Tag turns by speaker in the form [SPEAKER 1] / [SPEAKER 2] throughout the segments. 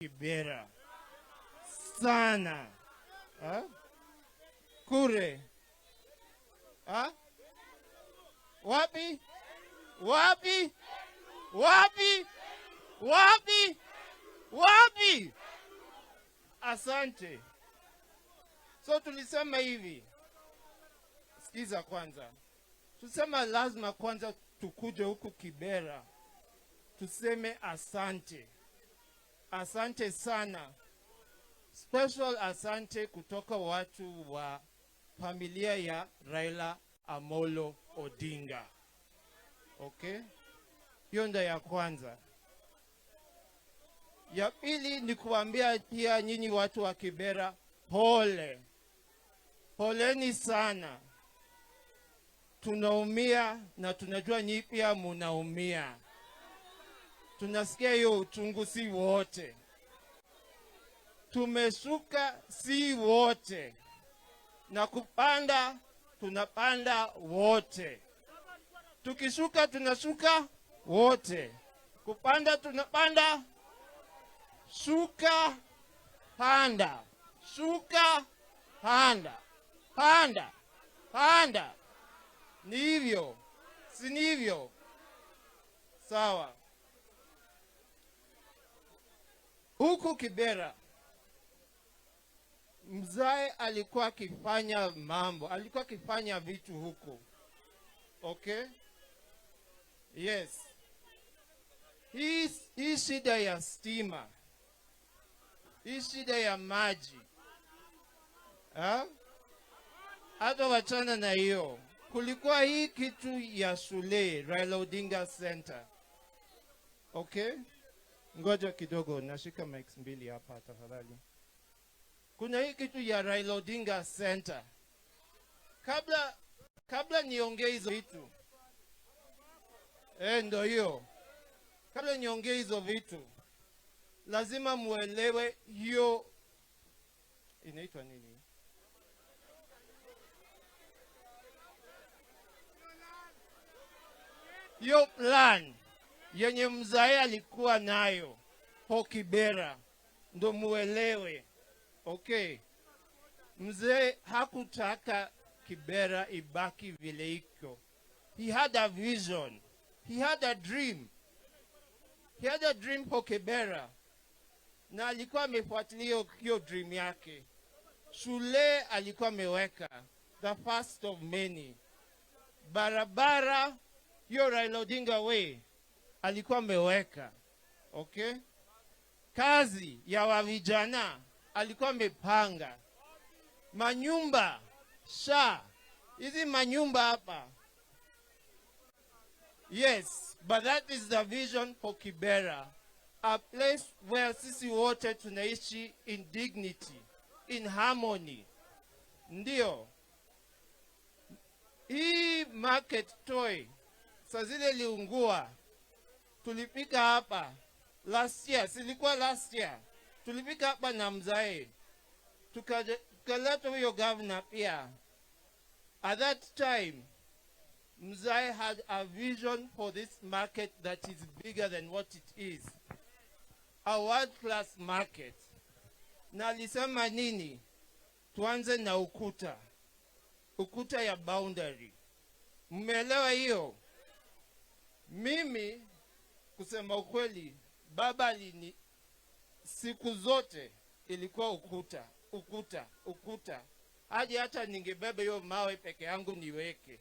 [SPEAKER 1] Kibera sana ha? Kure ha? Wapi wapi wapi wapi wapi? Asante. So tulisema hivi, sikiza kwanza, tusema lazima kwanza tukuje huku Kibera tuseme asante. Asante sana. Special asante kutoka watu wa familia ya Raila Amolo Odinga. Okay? Hiyo ndio ya kwanza. Ya pili ni kuambia pia nyinyi watu wa Kibera pole. Poleni sana. Tunaumia na tunajua nyinyi pia munaumia tunasikia hiyo uchungu, si wote tumeshuka, si wote na kupanda, tunapanda wote. Tukishuka tunashuka wote, kupanda tunapanda. Shuka, panda, shuka, panda, panda, panda. Ni hivyo, si ni hivyo? Sawa. Huku Kibera mzae alikuwa akifanya mambo, alikuwa akifanya vitu huko, okay, yes. Hii hii shida ya stima, hii shida ya maji ha? Hata wachana na hiyo, kulikuwa hii kitu ya shule Raila Odinga Center, okay. Ngoja kidogo, nashika mics mbili hapa tafadhali. Kuna hii kitu ya Raila Odinga Center. Kabla kabla niongee hizo vitu eh, ndio hiyo. Kabla niongee hizo vitu, lazima muelewe hiyo inaitwa nini? Hiyo plan yenye mzae alikuwa nayo pokibera ndo muelewe. Okay, mzee hakutaka Kibera ibaki vile iko. He had a vision. He had a dream. He had a dream for Kibera, na alikuwa amefuatilia hiyo dream yake. Shule alikuwa ameweka the first of many, barabara hiyo Raila Odinga way alikuwa ameweka okay. Kazi ya wavijana alikuwa amepanga manyumba sha hizi manyumba hapa. Yes, but that is the vision for Kibera, a place where sisi wote tunaishi in dignity, in harmony. Ndio hii market toy saa zile liungua tulifika hapa last year, silikuwa last year, tulifika hapa na mzae tukaleta huyo gavana pia. At that time mzae had a vision for this market that is bigger than what it is, a world class market. Na alisema nini? Tuanze na ukuta, ukuta ya boundary. Mmeelewa hiyo? Mimi Kusema ukweli, baba lini siku zote ilikuwa ukuta, ukuta, ukuta, hadi hata ningebeba hiyo mawe peke yangu niweke,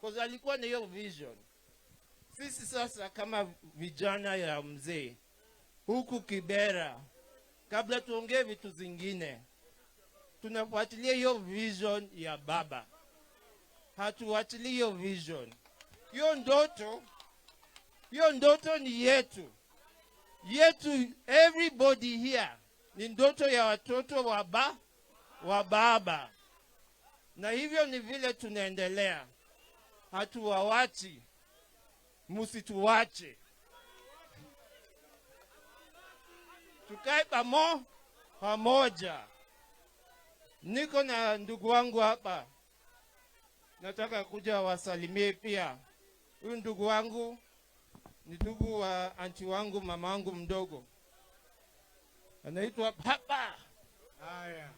[SPEAKER 1] kwa alikuwa na hiyo vision. Sisi sasa kama vijana ya mzee huku Kibera, kabla tuongee vitu zingine, tunafuatilia hiyo vision ya baba, hatufuatilii hiyo vision, hiyo ndoto hiyo ndoto ni yetu yetu, everybody here, ni ndoto ya watoto wa ba wa baba, na hivyo ni vile tunaendelea, hatuwawachi, musituwache, tukae pamo pamoja. Niko na ndugu wangu hapa, nataka kuja wasalimie pia. Huyu ndugu wangu ni ndugu wa anti wangu, mama wangu mdogo, anaitwa Baba.
[SPEAKER 2] Haya,